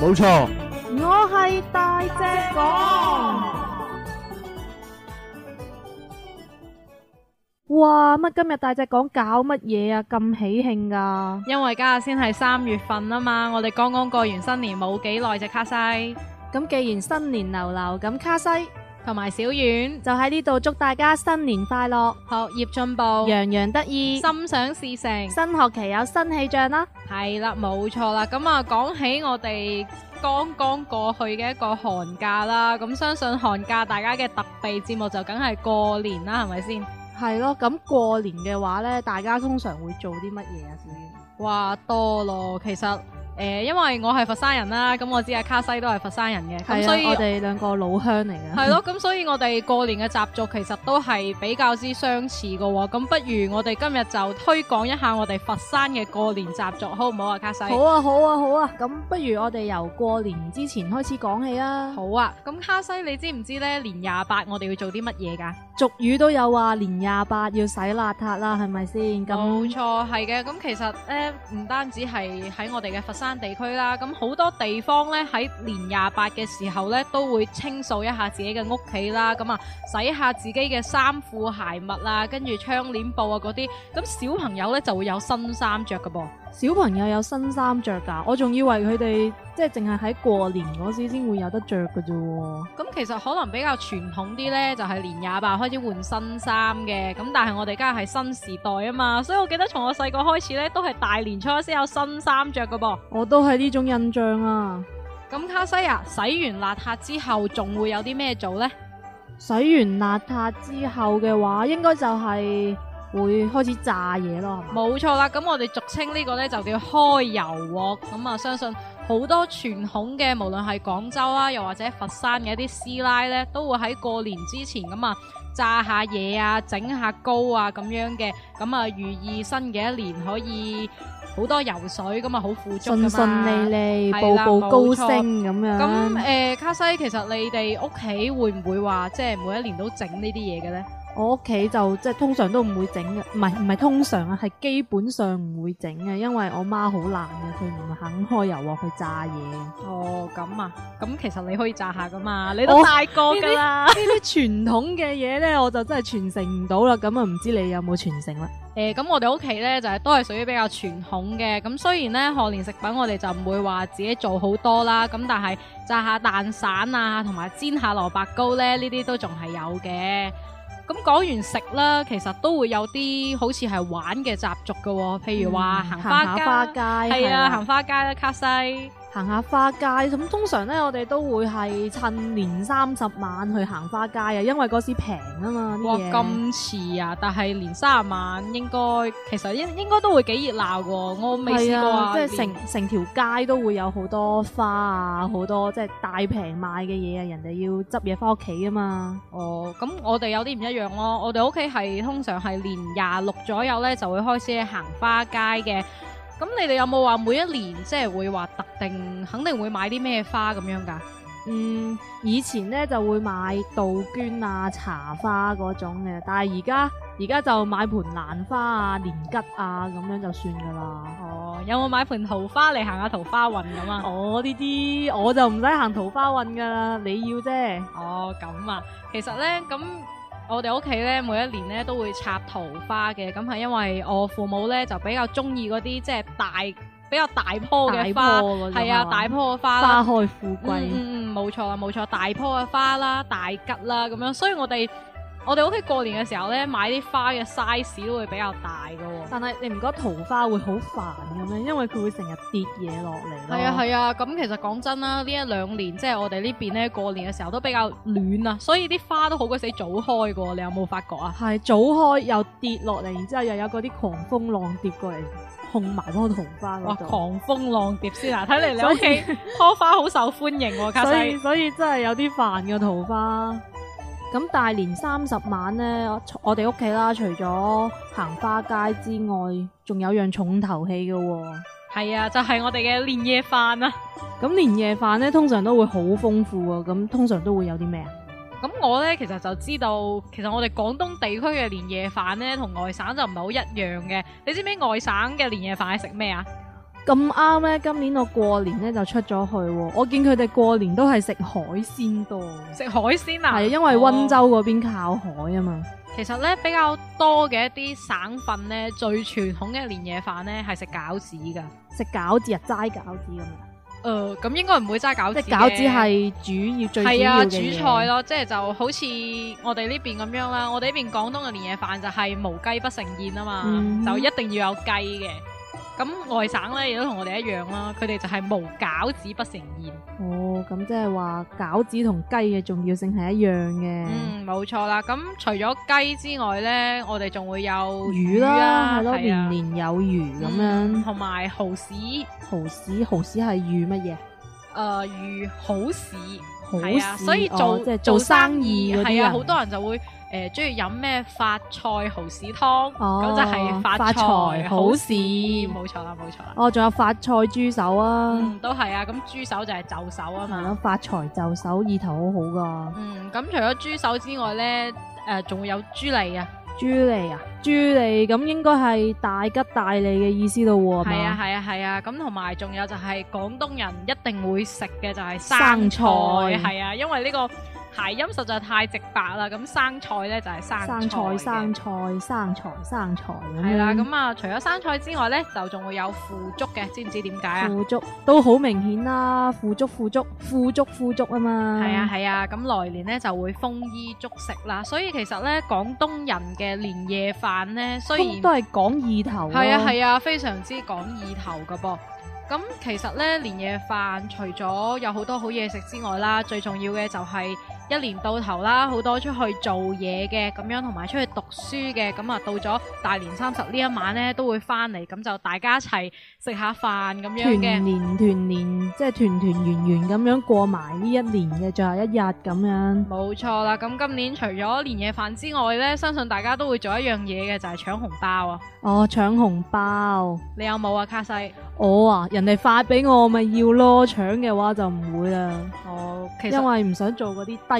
冇錯，我係大隻講。哇，乜今日大隻講搞乜嘢啊？咁喜慶噶？因為家下先係三月份啊嘛，我哋剛剛過完新年冇幾耐，只卡西。咁既然新年流流，咁卡西。同埋小丸就喺呢度祝大家新年快樂、學業進步、洋洋得意、心想事成、新學期有新氣象啦！係啦，冇錯啦。咁啊，講起我哋剛剛過去嘅一個寒假啦，咁相信寒假大家嘅特備節目就梗係過年啦，係咪先？係咯，咁過年嘅話呢，大家通常會做啲乜嘢啊？小丸話多咯，其實。誒，因為我係佛山人啦，咁我知阿卡西都係佛山人嘅，咁所以我哋兩個老鄉嚟嘅。係咯，咁所以我哋過年嘅習俗其實都係比較之相似噶。咁不如我哋今日就推廣一下我哋佛山嘅過年習俗，好唔好啊？卡西。好啊，好啊，好啊。咁不如我哋由過年之前開始講起啊。好啊。咁卡西，你知唔知咧？年廿八我哋會做啲乜嘢噶？俗語都有話，年廿八要洗邋遢啦，係咪先？咁冇錯，係嘅。咁其實誒，唔單止係喺我哋嘅佛山地區啦，咁好多地方咧，喺年廿八嘅時候咧，都會清掃一下自己嘅屋企啦，咁啊洗下自己嘅衫褲鞋襪啦，跟住窗簾布啊嗰啲，咁小朋友咧就會有新衫着㗎噃。小朋友有新衫着噶，我仲以為佢哋即係淨係喺過年嗰時先會有得着嘅啫。咁其實可能比較傳統啲呢，就係、是、年廿八開始換新衫嘅。咁但係我哋而家係新時代啊嘛，所以我記得從我細個開始呢，都係大年初一先有新衫着噶噃。我都係呢種印象啊。咁卡西啊，洗完邋遢之後，仲會有啲咩做呢？洗完邋遢之後嘅話，應該就係、是。會開始炸嘢咯，冇錯啦，咁我哋俗稱呢個呢，就叫開油鑊，咁、嗯、啊，相信好多傳統嘅，無論係廣州啊，又或者佛山嘅一啲師奶呢，都會喺過年之前咁啊，炸下嘢啊，整下糕啊咁樣嘅，咁啊，寓意新嘅一年可以好多油水，咁啊，好富足咁啊，順順利利，步步高升咁啦錯樣。咁、呃、誒，卡西，其實你哋屋企會唔會話即係每一年都整呢啲嘢嘅呢？我屋企就即係通常都唔會整嘅，唔係唔係通常啊，係基本上唔會整嘅，因為我媽好懶嘅，佢唔肯開油鑊去炸嘢。哦，咁啊，咁其實你可以炸下㗎嘛，你都大個㗎啦。傳呢啲傳統嘅嘢咧，我就真係傳承唔到啦。咁啊，唔知你有冇傳承啦？誒、欸，咁我哋屋企咧就係、是、都係屬於比較傳統嘅。咁雖然咧賀年食品我哋就唔會話自己做好多啦，咁但係炸下蛋散啊，同埋煎下蘿蔔糕咧，呢啲都仲係有嘅。咁講完食啦，其實都會有啲好似係玩嘅習俗㗎喎，譬如話行花街，係、嗯、啊，啊行花街啦，卡西。行下花街咁通常咧，我哋都會係趁年三十晚去行花街啊，因為嗰時平啊嘛。哇！咁遲啊，但係年三十晚應該其實應應該都會幾熱鬧喎，我未試過、啊，即係成成條街都會有好多花啊，好多即係、就是、大平賣嘅嘢啊，人哋要執嘢返屋企啊嘛。哦，咁我哋有啲唔一樣咯，我哋屋企係通常係年廿六左右咧就會開始行花街嘅。咁你哋有冇話每一年即係、就是、會話特定肯定會買啲咩花咁樣噶？嗯，以前咧就會買杜鵑啊、茶花嗰種嘅，但係而家而家就買盆蘭花啊、年桔啊咁樣就算噶啦。哦，有冇買盆桃花嚟，行下桃花運咁啊？我呢啲我就唔使行桃花運噶啦，你要啫。哦，咁啊，其實咧咁。我哋屋企呢每一年呢都會插桃花嘅，咁係因為我父母呢就比較鍾意嗰啲即係大比較大棵嘅花，係啊，大棵嘅花，花開富貴。嗯，嗯嗯，冇錯啦，冇錯，大棵嘅花啦，大吉啦咁樣，所以我哋。我哋屋企過年嘅時候咧，買啲花嘅 size 都會比較大噶。哦，但係你唔覺得桃花會好煩咁樣，因為佢會成日跌嘢落嚟？係啊係啊，咁，啊、其實講真啦，一兩就是，呢一兩年即係我哋呢邊咧過年嘅時候都比較暖啊，所以啲花都好鬼死早開噶，你有冇發覺啊？係早開又跌落嚟，然之後又有嗰啲狂蜂浪蝶過嚟，控埋嗰個桃花。哇，狂蜂浪蝶先啊！睇嚟 你屋企棵花好受歡迎，所以所以真係有啲煩嘅桃花。咁大年三十晚咧，我哋屋企啦，除咗行花街之外，仲有樣重頭戲嘅喎。係啊，就係我哋嘅年夜飯啊。咁年夜飯咧，通常都會好豐富啊。咁通常都會有啲咩啊？咁我咧其實就知道，其實我哋廣東地區嘅年夜飯咧，同外省就唔係好一樣嘅。你知唔知外省嘅年夜飯係食咩啊？咁啱咧！今年我過年咧就出咗去，我見佢哋過年都係食海鮮多。食海鮮啊？係啊，因為溫州嗰邊靠海啊嘛。哦。其實咧比較多嘅一啲省份咧，最傳統嘅年夜飯咧係食餃子㗎。食餃子？啊，日齋餃子咁樣？誒、呃，咁應該唔會齋餃子嘅。即餃子係主要最係啊，主菜咯。即係就好似我哋呢邊咁樣啦。我哋呢邊廣東嘅年夜飯就係無雞不成宴啊嘛，嗯，就一定要有雞嘅。咁外省咧，亦都同我哋一樣啦。佢哋就係無餃子不成宴。哦，咁即係話餃子同雞嘅重要性係一樣嘅。嗯，冇錯啦。咁除咗雞之外咧，我哋仲會有魚、啊、魚啦，係咯，啊、年年有餘咁樣。同埋蠔豉，蠔豉，蠔豉係遇乜嘢？誒、呃，遇好市。係啊，所以做、哦、做生意係啊，好多人就會誒中意飲咩發菜、蠔豉湯，咁就係發財好事，冇錯、嗯、啦，冇錯啦。哦，仲有發菜豬手啊，嗯、都係啊，咁豬手就係就手啊嘛，嗯、發財就手意頭好好噶。嗯，咁除咗豬手之外咧，誒仲會有豬脷啊。豬脷啊，豬脷咁應該係大吉大利嘅意思咯喎，係啊，係啊，係啊，咁同埋仲有就係、是、廣東人一定會食嘅，就係生菜，係菜啊，因為呢、這個。諧音實在太直白，就是，啦，咁生菜咧就係生生菜生菜生菜生菜咁樣。係啦，咁啊除咗生菜之外咧，就仲會有腐竹嘅，知唔知點解啊？腐竹都好明顯啦，腐竹腐竹腐竹腐竹啊嘛。係啊係啊，咁、啊、來年咧就會豐衣足食啦。所以其實咧，廣東人嘅年夜飯咧，雖然都係講意頭。係啊係啊，非常之講意頭噶噃。咁 其實咧，年夜飯除咗有好多好嘢食之外啦，最重要嘅就係、是。一年到頭啦，好多出去做嘢嘅咁樣，同埋出去讀書嘅咁啊，到咗大年三十呢一晚咧，都會翻嚟，咁就大家一齊食下飯咁樣嘅。團年團年，即係團團圓圓咁樣過埋呢一年嘅最後一日咁樣。冇錯啦，咁今年除咗年夜飯之外咧，相信大家都會做一樣嘢嘅，就係搶紅包啊！哦，搶紅包，你有冇啊，卡西？我啊，人哋發俾我咪要咯，搶嘅話就唔會啦。哦，其實因為唔想做嗰啲低。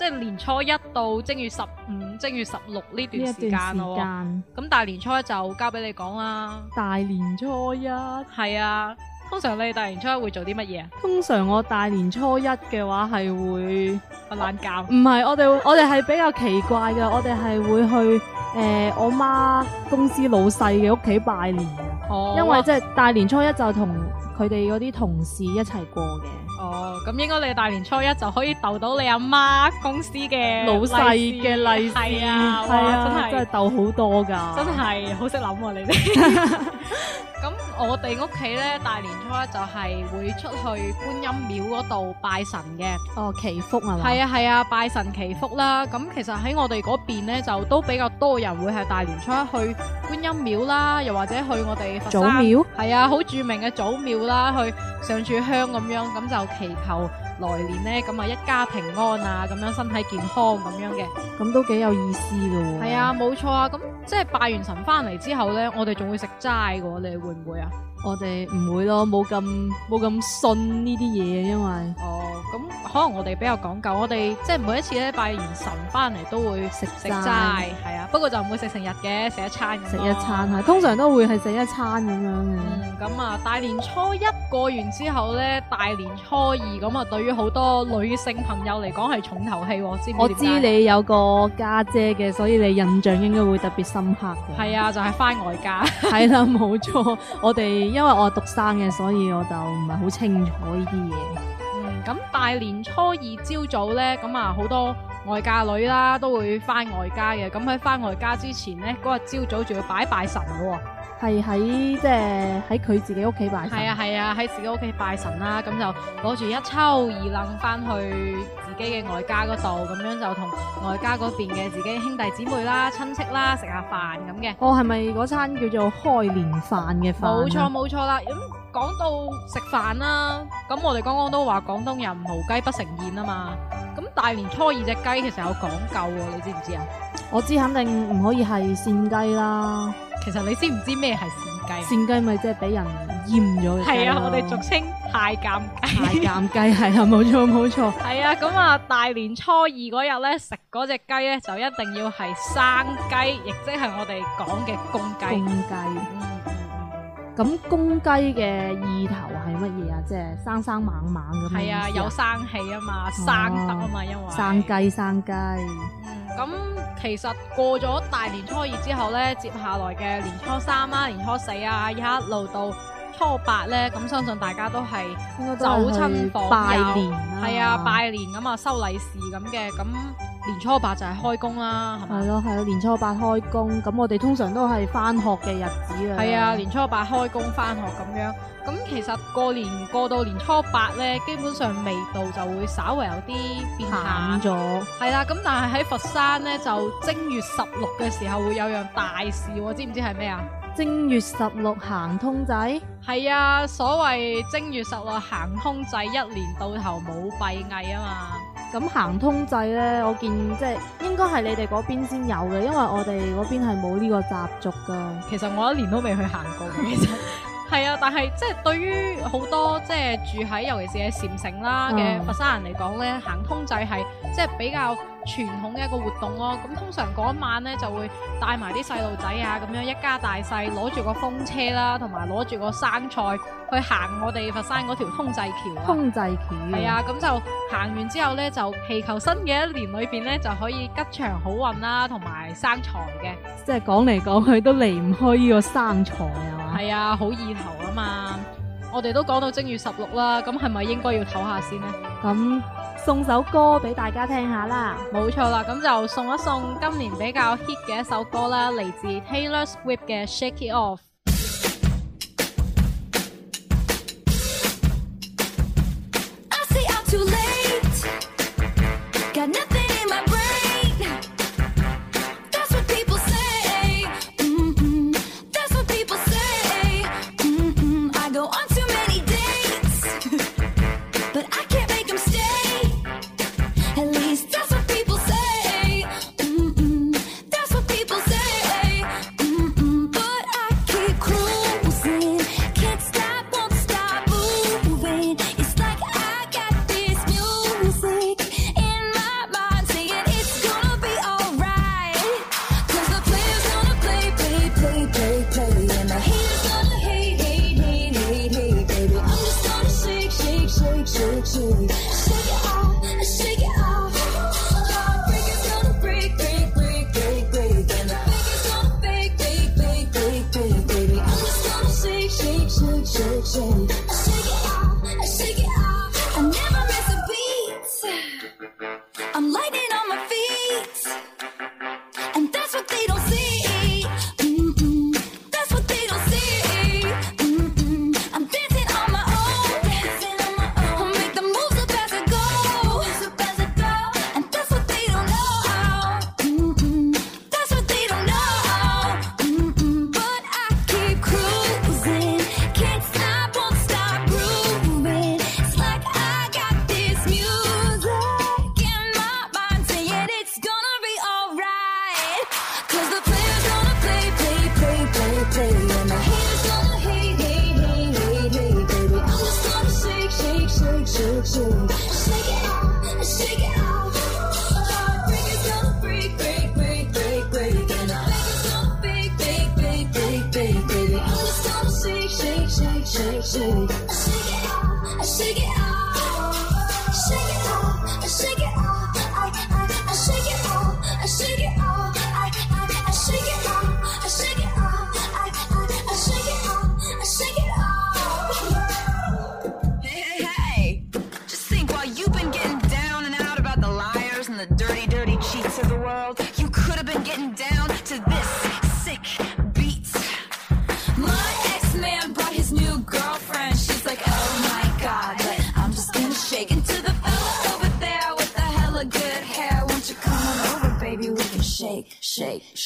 即係年初一到正月十五、正月十六呢段時間咯。咁大年初一就交俾你講啦。大年初一，係啊，通常你大年初一會做啲乜嘢啊？通常我大年初一嘅話係會瞓懶覺。唔係、啊，我哋我哋係比較奇怪嘅，我哋係會去誒、呃、我媽公司老細嘅屋企拜年。哦，因為即係大年初一就同佢哋嗰啲同事一齊過嘅。哦，咁應該你大年初一就可以逗到你阿媽公司嘅老細嘅利是， 是，係啊，係啊，真係逗好多㗎，真係好識諗啊你哋。咁我哋屋企咧大年初一就係會出去觀音廟嗰度拜神嘅，哦，祈福係嘛？係啊係啊，拜神祈福啦。咁其實喺我哋嗰邊咧就都比較多人會喺大年初一去。觀音廟啦，又或者去我哋祖廟，係啊，好著名嘅祖廟啦，去上柱香咁樣，咁就祈求來年呢，咁啊一家平安啊，咁樣身體健康咁樣嘅，咁都幾有意思嘅喎。係啊，冇錯啊，咁即係拜完神翻嚟之後呢，我哋仲會食齋嘅，你會唔會啊？我哋唔會咯，冇咁冇咁信呢啲嘢，因為哦，咁可能我哋比較講究，我哋即係每一次咧拜完神翻嚟都會食食齋，係吃完 啊，不過就唔會食成日嘅，食一,一,一餐，食一餐啊，通常都會係食一餐咁樣嘅。嗯，咁啊大年初一過完之後咧，大年初二咁啊，對於好多女性朋友嚟講係重頭戲喎，知唔知？我知你有個家姐嘅，所以你印象應該會特別深刻。係啊，就係、是、翻外家。係 啦、啊，冇錯，我哋。因為我係獨生嘅，所以我就唔係好清楚呢啲嘢。嗯，咁大年初二朝早咧，咁啊好多外嫁女啦、啊、都會翻外家嘅。咁喺翻外家之前咧，嗰日朝早仲要拜拜神喎、啊。係喺即係喺佢自己屋企拜神，係啊係啊，喺、啊、自己屋企拜神啦、啊，咁就攞住一抽二楞翻去自己嘅外家嗰度，咁樣就同外家嗰邊嘅自己兄弟姊妹啦、親戚啦食下飯咁嘅。哦，係咪嗰餐叫做開年飯嘅飯？冇錯冇錯啦。咁、嗯、講到食飯啦，咁我哋剛剛都話廣東人無雞不成宴啊嘛。咁大年初二隻雞其實有講究喎、啊，你知唔知啊？我知肯定唔可以係線雞啦。其實你知唔知咩係騸雞？騸雞咪即係俾人閹咗嘅。係啊，我哋俗稱太監雞。太監雞，係啊，冇錯冇錯。係啊，咁啊大年初二嗰日咧，食嗰隻雞咧就一定要係生雞，亦即係我哋講嘅公雞。公雞。咁公雞嘅意頭係乜嘢啊？即係生生猛猛咁。係啊，有生氣啊嘛，生得啊嘛，因為生雞生雞。咁、嗯、其實過咗大年初二之後呢，接下來嘅年初三啦、啊、年初四啊，一路到初八呢，咁、嗯、相信大家都係走親訪友拜年，係啊，拜年咁啊、嗯，收利是咁嘅。咁、嗯、年初八就係開工啦，係嘛？係咯係咯，年初八開工，咁我哋通常都係翻學嘅日子啊。係啊，年初八開工翻學咁樣。咁其實過年過到年初八呢，基本上味道就會稍微有啲變淡咗。係啦了，咁但係喺佛山呢，就正月十六嘅時候會有樣大事，知唔知係咩啊？正月十六行通濟。係啊，所謂正月十六行通濟，一年到頭冇閉翳啊嘛。咁行通濟呢，我見即係應該係你哋嗰邊先有嘅，因為我哋嗰邊係冇呢個習俗噶。其實我一年都未去行過。 係啊，但係即係對於好多即係住喺尤其是喺禪城啦嘅佛山人嚟講咧，嗯、行通濟係即係比較傳統嘅一個活動咯、啊。咁、嗯、通常嗰一晚咧就會帶埋啲細路仔啊，咁樣一家大細攞住個風車啦、啊，同埋攞住個生菜去行我哋佛山嗰條通濟橋啊。通濟橋係啊，咁、嗯、就行完之後咧，就祈求新嘅一年裏邊咧就可以吉祥好運啦，同埋生財嘅。即係講嚟講去都離唔開呢個生財啊！係啊，好意頭啊嘛！我哋都講到正月十六啦，咁係咪應該要唞下先呢？咁、嗯、送首歌俾大家聽下啦，冇錯啦，咁就送一送今年比較 hit 嘅一首歌啦，嚟自 Taylor Swift 嘅《Shake It Off》。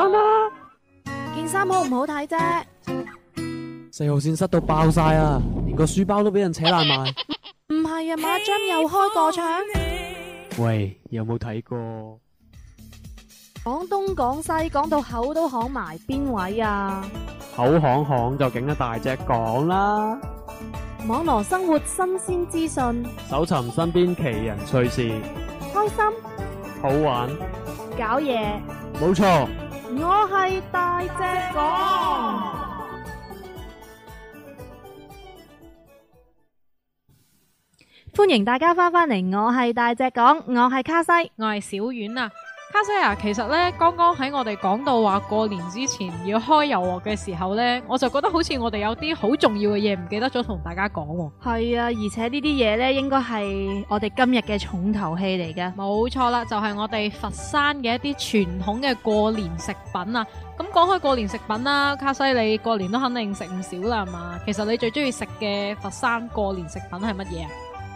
啊、件衫好唔好睇啫？四號線塞到爆晒啊！連個書包都俾人扯爛埋。唔係啊，馬駿 Hey, 又開過場。喂，有冇睇過？廣東廣西講到口都行埋，邊位啊？口行行就敬得大隻講啦。網絡生活新鮮資訊，搜尋身邊奇人趣事，開心，好玩，搞嘢，冇錯。我係大隻講，歡迎大家翻返嚟。我係大隻講，我係卡西，我係小丸啊。卡西啊，其實咧，剛剛喺我哋講到話過年之前要開油鑊嘅時候咧，我就覺得好似我哋有啲好重要嘅嘢唔記得咗同大家講喎。係啊，而且呢啲嘢咧應該係我哋今日嘅重頭戲嚟嘅。冇錯啦，就係、是、我哋佛山嘅一啲傳統嘅過年食品啊。咁講開過年食品啦、啊，卡西你過年都肯定食唔少啦，係嘛？其實你最中意食嘅佛山過年食品係乜嘢啊？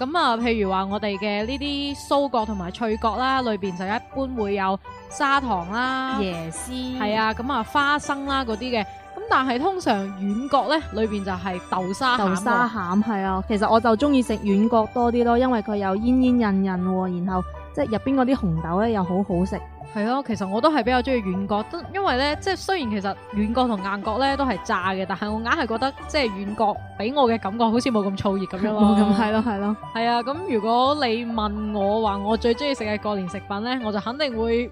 咁啊、嗯，譬如話我哋嘅呢啲酥角同埋脆角啦，裏邊就一般會有砂糖啦、椰絲，係啊，咁、嗯、啊花生啦嗰啲嘅。咁但係通常軟角咧，裏邊就係豆沙餡豆沙餡，係啊，其實我就中意食軟角多啲咯，因為佢有煙煙韌韌，然後。即係入邊嗰啲紅豆咧又好好食，係咯、啊，其實我都係比較中意軟角，因為咧即係雖然其實軟角同硬角咧都係炸嘅，但係我硬係覺得即係軟角俾我嘅感覺好似冇咁燥熱咁樣咯，係咯係咯，係啊！咁、啊啊、如果你問我話我最中意食嘅過年食品咧，我就肯定會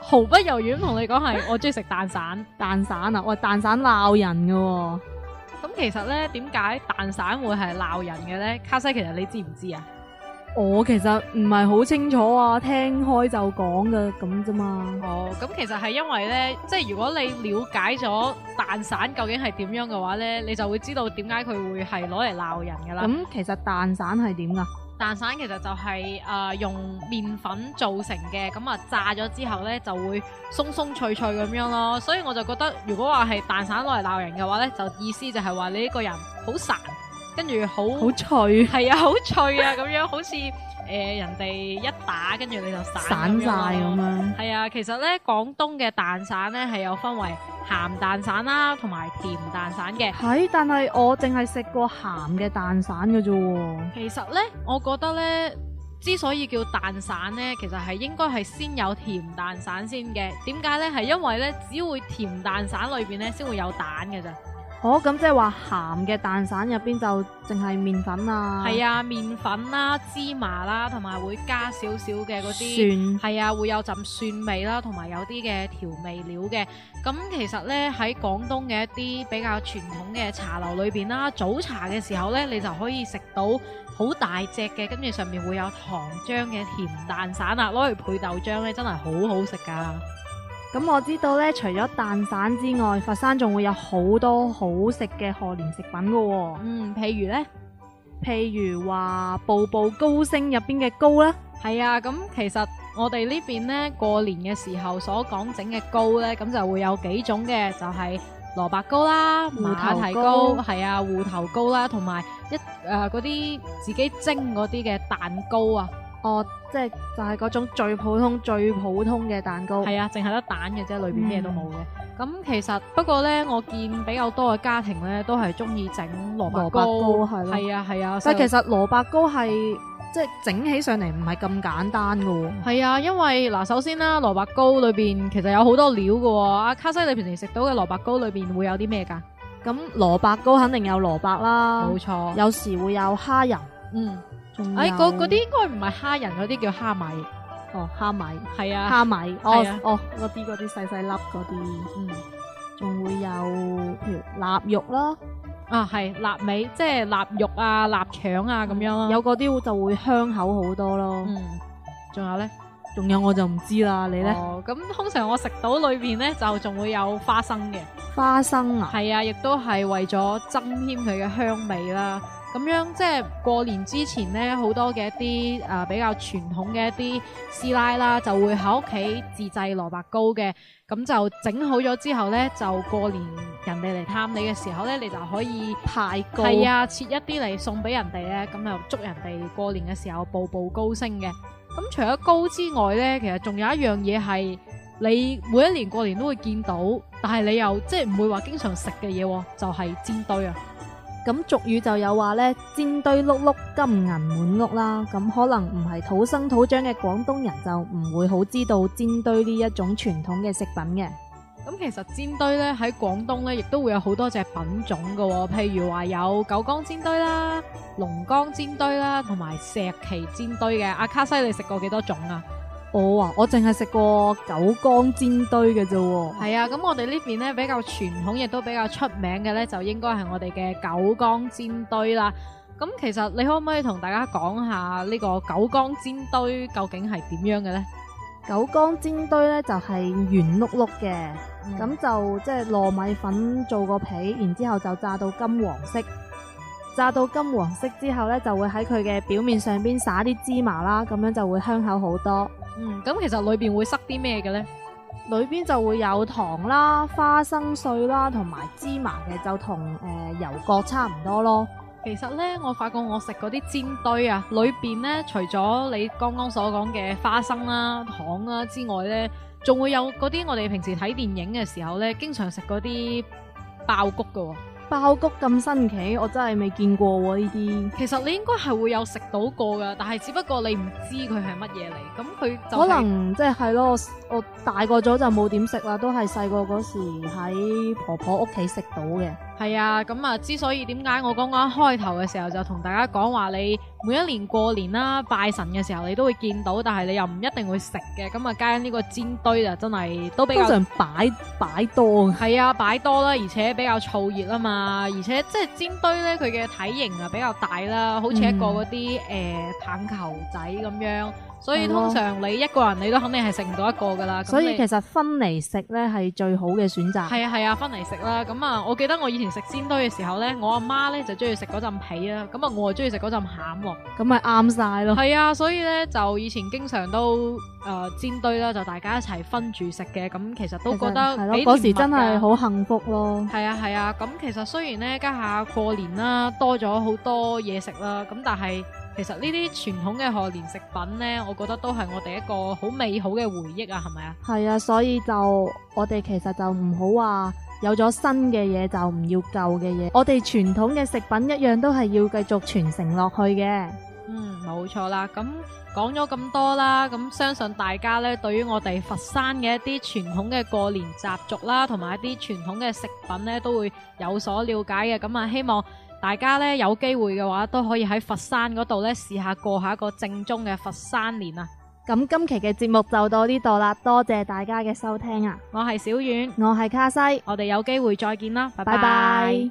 毫不猶豫同你講係我中意食蛋散， 蛋散啊！喂，蛋散鬧人嘅，咁其實咧點解蛋散會係鬧人嘅咧？卡西，其實你知唔知啊？我其實唔係好清楚啊，聽開就講嘅咁啫嘛。哦，咁其實係因為呢。 即係如果你了解咗蛋散究竟係點樣嘅話呢，你就會知道點解佢會係攞嚟鬧人噶啦。咁、嗯、其實蛋散係點噶？蛋散其實就係、是、誒、呃、用麵粉做成嘅，咁啊炸咗之後呢就會鬆鬆脆脆咁樣咯。所以我就覺得如果話係蛋散攞嚟鬧人嘅話呢，就意思就係話你呢個人好散。跟住好好脆，係啊，好脆啊，咁 樣好似誒、呃、人哋一打，跟住你就散晒咁啦。係啊，啊，其實咧廣東嘅蛋散咧係有分為鹹蛋散啦，同埋甜蛋散嘅。係，但係我淨係食過鹹嘅蛋散嘅啫、啊。其實咧，我覺得咧，之所以叫蛋散咧，其實係應該係先有甜蛋散先嘅。點解咧？係因為咧，只會甜蛋散裏邊咧先會有蛋嘅咋。哦，咁即係話鹹嘅蛋散入邊就淨係麵粉啊？係啊，麵粉啦、啊、芝麻啦、啊，同埋會加少少嘅嗰啲，係蒜啊，會有陣蒜味啦、啊，同埋有啲嘅調味料嘅。咁其實呢，喺廣東嘅一啲比較傳統嘅茶樓裏邊啦，早茶嘅時候呢，你就可以食到好大隻嘅，跟住上面會有糖漿嘅甜蛋散啊，攞嚟配豆漿呢，真係好好食噶。咁我知道咧，除咗蛋散之外，佛山仲會有好多好食嘅賀年食品噶。嗯，譬如咧、嗯，譬如話步步高升入邊嘅糕啦。係啊，咁其實我哋呢邊咧，過年嘅時候所講整嘅糕咧，咁就會有幾種嘅，就係蘿蔔糕啦、芋頭糕。係啊，芋頭糕啦，同埋一誒嗰啲自己蒸嗰啲嘅蛋糕啊。哦，即係就係、是、嗰種最普通、最普通嘅蛋糕。係啊，淨係得蛋嘅啫，裏邊咩都冇嘅。咁、嗯嗯、其實不過呢，我見比較多嘅家庭呢，都係中意整蘿蔔糕，係係啊，係啊。但其實蘿蔔糕係即係整起上嚟唔係咁簡單噶。係啊，因為嗱、呃，首先啦，蘿蔔糕裏邊其實有好多料噶。阿、啊、卡西你平時食到嘅蘿蔔糕裏邊會有啲咩噶？咁蘿蔔糕肯定有蘿蔔啦，冇錯。有時會有蝦仁，嗯。哎，嗰啲應該唔係蝦仁嗰啲，叫蝦米。哦，蝦米，係啊，蝦米。哦、oh, 哦、啊，嗰啲嗰啲細細粒嗰啲，嗯，仲會有，譬如臘肉咯。啊，係臘味，即係臘肉啊、臘腸啊咁樣咯、啊。有嗰啲就會香口好多咯。嗯，仲有咧？仲有我就唔知啦。你咧？咁、哦、通常我食到裏邊咧，就仲會有花生嘅。花生啊？係啊，亦都係為咗增添佢嘅香味啦。咁樣即係過年之前呢，好多嘅一啲誒、呃、比較傳統嘅一啲師奶啦，就會喺屋企自製蘿蔔糕嘅。咁就整好咗之後呢，就過年人哋嚟探你嘅時候呢，你就可以派糕。係啊，切一啲嚟送俾人哋呢。咁就祝人哋過年嘅時候步步高升嘅。咁除咗糕之外呢，其實仲有一樣嘢係你每一年過年都會見到，但係你又即係唔會話經常食嘅嘢，就係、是、煎堆啊。咁俗語就有話咧，煎堆碌碌，金銀滿屋啦。咁可能唔係土生土長嘅廣東人就唔會好知道煎堆呢一種傳統嘅食品嘅。咁其實煎堆咧，喺廣東咧，亦都會有好多隻品種㗎喎。譬如話有九江煎堆啦、龍江煎堆啦，同埋石岐煎堆嘅。阿卡西，你食過幾多種啊？我啊，我淨係食過九江煎堆嘅啫喎。係啊，咁我哋呢邊呢比較傳統，亦都比較出名嘅呢，就應該係我哋嘅九江煎堆啦。咁其實你可唔可以同大家講下呢個九江煎堆究竟係點樣嘅呢？九江煎堆呢就係圓碌碌嘅，咁就即係糯米粉做個皮，然之後就炸到金黃色，炸到金黃色之後呢就會喺佢嘅表面上邊撒啲芝麻啦，咁樣就會香口好多。嗯，咁其實裏邊會塞啲咩嘅呢？裏邊就會有糖啦、花生碎啦，同埋芝麻嘅，就同誒油角差唔多咯。其實呢，我發覺我食嗰啲煎堆啊，裏邊呢，除咗你剛剛所講嘅花生啦、啊、糖啦、啊、之外呢，仲會有嗰啲我哋平時睇電影嘅時候呢，經常食嗰啲爆穀噶、哦。爆谷，咁新奇，我真係未見過喎呢啲。其實你應該係會有食到過㗎，但係只不過你唔知佢係乜嘢嚟。咁佢就係、可能即係係咯，我大個咗就冇點食啦，都係細個嗰時喺婆婆屋企食到嘅。係啊，咁啊，之所以點解我講講一開頭嘅時候就同大家講話，你每一年過年啦，拜神嘅時候你都會見到，但係你又唔一定會食嘅，咁啊，加上呢個煎堆啊，真係都比較，通常擺擺多。係啊，擺多啦，而且比較燥熱啊嘛，而且即係煎堆咧，佢嘅體型啊比較大啦，好似一個嗰啲誒棒球仔咁樣。所以通常你一個人你都肯定係食唔到一個㗎啦，所以你其實分嚟食咧，係最好嘅選擇。係啊係啊，分嚟食啦。咁啊，我記得我以前食煎堆嘅時候咧，我阿媽咧就中意食嗰陣皮啊，咁啊我啊中意食嗰陣餡喎，咁咪啱晒咯。係啊，所以咧就以前經常都誒、呃、煎堆啦，就大家一齊分住食嘅，咁其實都覺得嗰、啊啊、時真係好幸福咯。係啊係啊，咁、啊啊、其實雖然咧家下過年啦多咗好多嘢食啦，咁但係。其實呢啲傳統嘅賀年食品呢，我覺得都係我哋一個好美好嘅回憶啊，係咪啊？係啊，所以就我哋其實就唔好話有咗新嘅嘢就唔要舊嘅嘢，我哋傳統嘅食品一樣都係要繼續傳承落去嘅。嗯，冇錯啦。咁講咗咁多啦，咁相信大家呢，對於我哋佛山嘅一啲傳統嘅過年習俗啦，同埋一啲傳統嘅食品呢，都會有所了解嘅。咁啊，希望。大家咧有機會嘅話，都可以喺佛山嗰度咧試下過下一個正宗嘅佛山年啊！咁今期嘅節目就到呢度啦，多謝大家嘅收聽啊！我係小丸，我係卡西，我哋有機會再見啦，拜拜。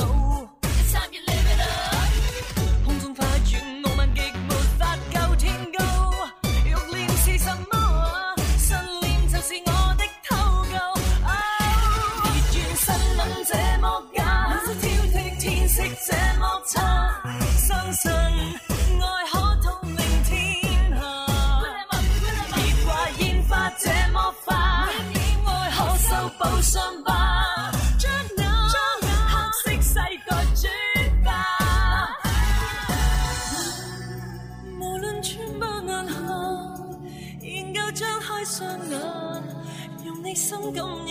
你心甘。